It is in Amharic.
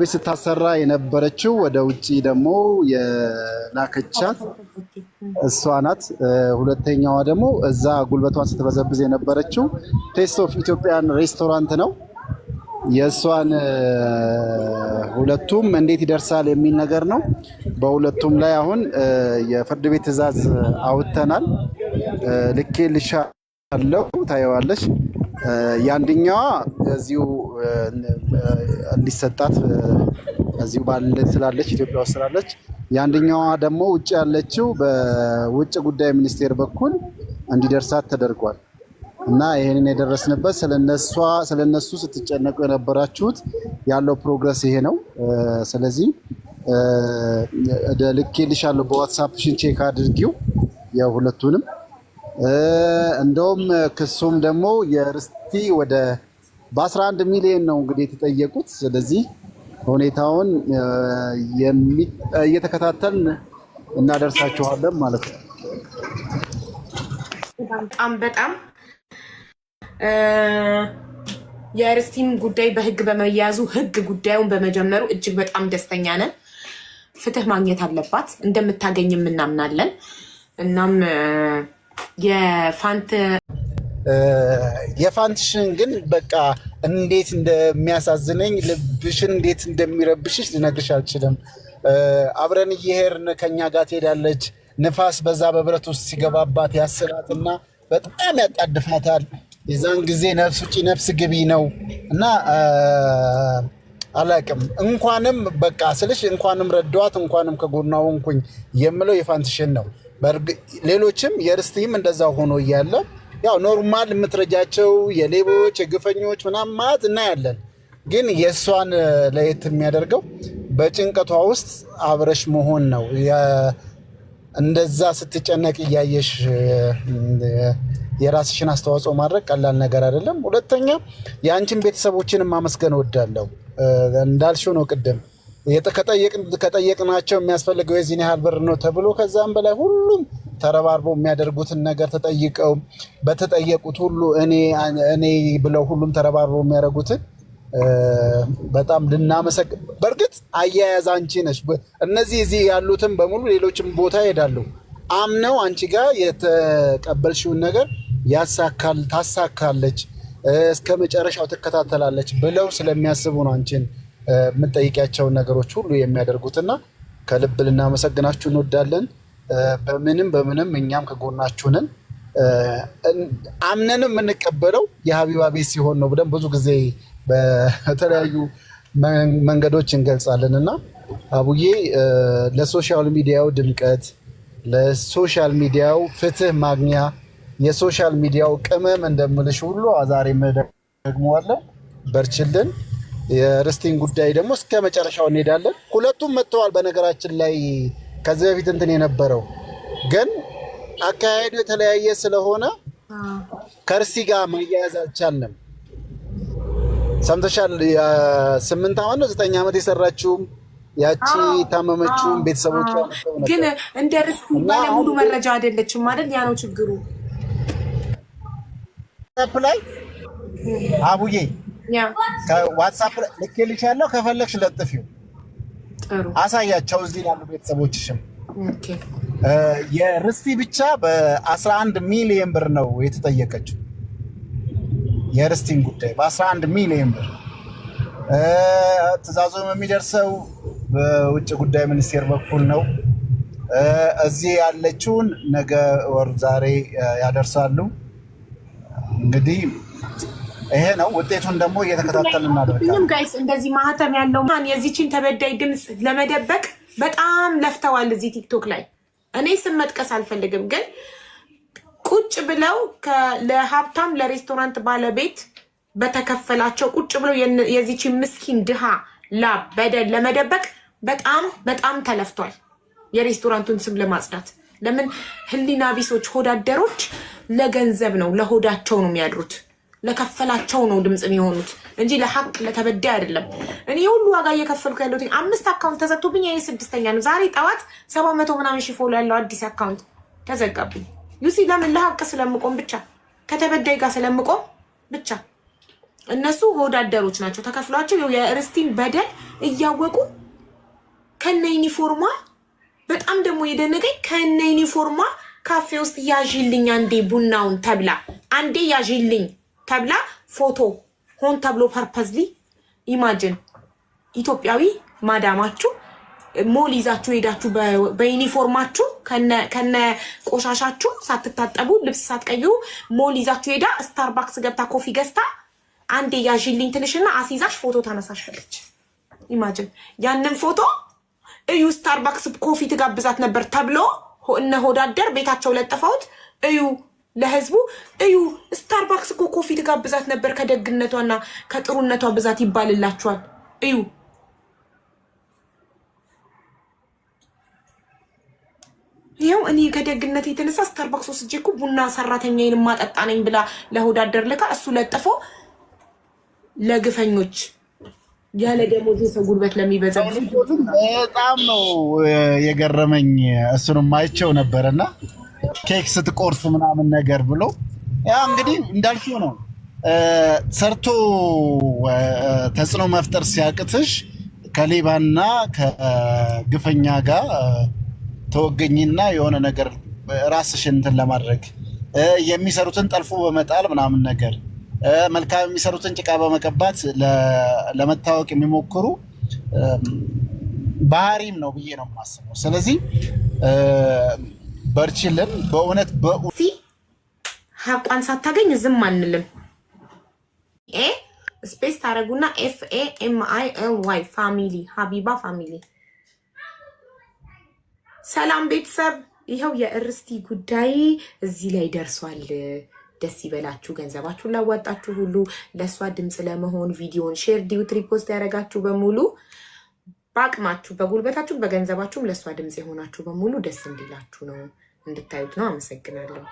ቤት ስታሰራ የነበረችው ወደ ውጭ ደግሞ የላከቻት እሷ ናት። ሁለተኛዋ ደግሞ እዛ ጉልበቷን ስትበዘብዝ የነበረችው ቴስት ኦፍ ኢትዮጵያን ሬስቶራንት ነው። የእሷን ሁለቱም እንዴት ይደርሳል የሚል ነገር ነው። በሁለቱም ላይ አሁን የፍርድ ቤት ትዕዛዝ አውጥተናል። ልኬልሻለሁ፣ ታየዋለች። የአንደኛዋ እዚሁ እንዲሰጣት እዚሁ ባለ ስላለች ኢትዮጵያ ውስጥ ስላለች፣ የአንደኛዋ ደግሞ ውጭ ያለችው በውጭ ጉዳይ ሚኒስቴር በኩል እንዲደርሳት ተደርጓል እና ይህንን የደረስንበት ስለነሱ ስትጨነቁ የነበራችሁት ያለው ፕሮግረስ ይሄ ነው። ስለዚህ ልኬልሻለሁ፣ በዋትሳፕሽን ቼክ አድርጊው የሁለቱንም እንደውም ክሱም ደግሞ የርስቲ ወደ በ11 ሚሊዮን ነው እንግዲህ የተጠየቁት። ስለዚህ ሁኔታውን እየተከታተልን እናደርሳችኋለን ማለት ነው። በጣም በጣም የርስቲን ጉዳይ በህግ በመያዙ ህግ ጉዳዩን በመጀመሩ እጅግ በጣም ደስተኛ ነን። ፍትህ ማግኘት አለባት፣ እንደምታገኝም እናምናለን። እናም የፋንትሽን ግን በቃ እንዴት እንደሚያሳዝነኝ ልብሽን እንዴት እንደሚረብሽሽ ልነግርሽ አልችልም። አብረን እየሄድን ከኛ ጋር ትሄዳለች። ንፋስ በዛ በብረት ውስጥ ሲገባባት እና በጣም ያጣድፋታል። የዛን ጊዜ ነፍስ ውጪ ነፍስ ግቢ ነው እና አላቅም እንኳንም በቃ ስልሽ እንኳንም ረዳዋት እንኳንም ከጎኗ ሆንኩኝ የምለው የፋንትሽን ነው። ሌሎችም የርስቲም እንደዛ ሆኖ እያለ ያው ኖርማል የምትረጃቸው የሌቦች የግፈኞች ምናምን ማለት እናያለን። ግን የእሷን ለየት የሚያደርገው በጭንቀቷ ውስጥ አብረሽ መሆን ነው። እንደዛ ስትጨነቅ እያየሽ የራስሽን አስተዋጽኦ ማድረግ ቀላል ነገር አይደለም። ሁለተኛ የአንቺን ቤተሰቦችን ማመስገን እወዳለሁ። እንዳልሽው ነው ቅድም ከጠየቅናቸው የሚያስፈልገው የዚህን ያህል ብር ነው ተብሎ ከዛም በላይ ሁሉም ተረባርቦ የሚያደርጉትን ነገር ተጠይቀው በተጠየቁት ሁሉ እኔ ብለው ሁሉም ተረባርቦ የሚያደርጉትን በጣም ልናመሰግ በእርግጥ አያያዝ አንቺ ነች። እነዚህ እዚህ ያሉትን በሙሉ ሌሎችም ቦታ ይሄዳሉ። አምነው አንቺ ጋር የተቀበልሽውን ነገር ያሳካል፣ ታሳካለች፣ እስከ መጨረሻው ትከታተላለች ብለው ስለሚያስቡ ነው አንቺን የምንጠይቂያቸውን ነገሮች ሁሉ የሚያደርጉትና ከልብ ልናመሰግናችሁ እንወዳለን። በምንም በምንም እኛም ከጎናችሁንን አምነንም የምንቀበለው የሀቢባ ቤት ሲሆን ነው ብለን ብዙ ጊዜ በተለያዩ መንገዶች እንገልጻለን እና አቡዬ ለሶሻል ሚዲያው ድምቀት፣ ለሶሻል ሚዲያው ፍትህ ማግኛ የሶሻል ሚዲያው ቅመም እንደምልሽ ሁሉ ዛሬ ደግሞ በርችልን የርስቲን ጉዳይ ደግሞ እስከ መጨረሻው እንሄዳለን። ሁለቱም መጥተዋል። በነገራችን ላይ ከዚህ በፊት እንትን የነበረው ግን አካሄዱ የተለያየ ስለሆነ ከርስቲ ጋር መያያዝ አልቻለም። ሰምተሻል? ስምንት አመት ነው ዘጠኝ ዓመት የሰራችውም ያቺ ታመመችውም ቤተሰቦች ግን እንደ ርስቲ ባለሙሉ መረጃ አይደለችም አይደል? ያ ነው ችግሩ ላይ አቡዬ ዋትሳፕ ልኬልሻለሁ። ከፈለግሽ ለጥፊው አሳያቸው። እዚህ ላሉ ቤተሰቦችሽም የርስቲ ብቻ በ11 ሚሊዮን ብር ነው የተጠየቀችው። የርስቲን ጉዳይ በ11 ሚሊየን ብር ትዕዛዙም የሚደርሰው በውጭ ጉዳይ ሚኒስቴር በኩል ነው። እዚህ ያለችውን ነገ ወር ዛሬ ያደርሳሉ እንግዲህ ይሄ ነው ውጤቱን ደግሞ እየተከታተል እናደርጋለን። ጋይስ እንደዚህ ማህተም ያለው ማን የዚችን ተበዳይ ድምፅ ለመደበቅ በጣም ለፍተዋል እዚህ ቲክቶክ ላይ። እኔ ስም መጥቀስ አልፈልግም፣ ግን ቁጭ ብለው ለሀብታም ለሬስቶራንት ባለቤት በተከፈላቸው ቁጭ ብለው የዚችን ምስኪን ድሃ ላብ በደል ለመደበቅ በጣም በጣም ተለፍቷል። የሬስቶራንቱን ስም ለማጽዳት ለምን ህሊና ቢሶች ሆዳደሮች ለገንዘብ ነው ለሆዳቸው ነው የሚያድሩት። ለከፈላቸው ነው ድምፅ የሚሆኑት እንጂ ለሀቅ ለተበዳይ አይደለም። እኔ ሁሉ ዋጋ እየከፈልኩ ያለሁት አምስት አካውንት ተዘግቶብኝ ይህ ስድስተኛ ነው። ዛሬ ጠዋት ሰባ መቶ ምናምን ሺህ ፎሎ ያለው አዲስ አካውንት ተዘጋብኝ። ዩሲ ለምን ለሀቅ ስለምቆም ብቻ ከተበዳይ ጋር ስለምቆም ብቻ። እነሱ ሆዳደሮች ናቸው። ተከፍሏቸው የእርስቲን በደል እያወቁ ከነ ዩኒፎርሟ በጣም ደግሞ የደነቀኝ ከነ ዩኒፎርሟ ካፌ ውስጥ ያዥልኝ አንዴ ቡናውን ተብላ አንዴ ያዥልኝ ተብላ ፎቶ ሆን ተብሎ ፐርፐዝሊ ኢማጅን ኢትዮጵያዊ ማዳማችሁ ሞል ይዛችሁ ሄዳችሁ በዩኒፎርማችሁ ከነ ቆሻሻችሁ ሳትታጠቡ ልብስ ሳትቀይሩ ሞል ይዛችሁ ሄዳ ስታርባክስ ገብታ ኮፊ ገዝታ አንዴ ያዥልኝ ትንሽና አስይዛሽ ፎቶ ታነሳሽ አለች። ኢማጅን ያንን ፎቶ እዩ ስታርባክስ ኮፊ ትጋብዛት ነበር ተብሎ እነ ሆዳደር ቤታቸው ለጥፈውት እዩ ለህዝቡ እዩ። ስታርባክስ እኮ ኮፊ ትጋብዛት ነበር። ከደግነቷና ከጥሩነቷ ብዛት ይባልላችኋል። እዩ ይኸው እኔ ከደግነት የተነሳ ስታርባክስ ወስጄ እኮ ቡና ሰራተኛዬን ማጠጣ ነኝ ብላ ለሆዳደር ልካ እሱ ለጥፎ ለግፈኞች ያለ ደሞዝ ሰው ጉልበት ለሚበዛ በጣም ነው የገረመኝ። እሱንም አይቼው ነበረና ኬክ ስትቆርስ ምናምን ነገር ብሎ ያ እንግዲህ እንዳልሽው ነው። ሰርቶ ተጽዕኖ መፍጠር ሲያቅትሽ ከሌባና ከግፈኛ ጋር ተወገኝና የሆነ ነገር ራስሽን እንትን ለማድረግ የሚሰሩትን ጠልፎ በመጣል ምናምን ነገር መልካም የሚሰሩትን ጭቃ በመቀባት ለመታወቅ የሚሞክሩ ባህሪም ነው ብዬ ነው የማስበው። ስለዚህ በርችልን። በእውነት ሀቋን ሳታገኝ ዝም አንልም። ኤ ስፔስ ታደረጉና ኤፍ ኤ ኤም አይ ኤል ዋይ ፋሚሊ ሀቢባ ፋሚሊ። ሰላም ቤተሰብ፣ ይኸው የእርስቲ ጉዳይ እዚህ ላይ ደርሷል። ደስ ይበላችሁ። ገንዘባችሁን ላዋጣችሁ ሁሉ ለእሷ ድምፅ ለመሆን ቪዲዮን ሼር ዲዩት ሪፖስት ያደረጋችሁ በሙሉ በአቅማችሁ በጉልበታችሁ በገንዘባችሁም ለእሷ ድምፅ የሆናችሁ በሙሉ ደስ እንዲላችሁ ነው እንድታዩት ነው። አመሰግናለሁ።